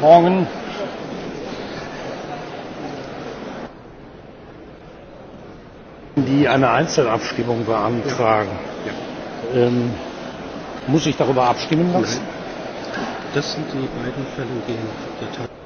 Morgen. Die eine Einzelabstimmung beantragen. Ja. Ja. Ähm, muss ich darüber abstimmen lassen? Nein. Das sind die beiden Fälle, die in der Tat.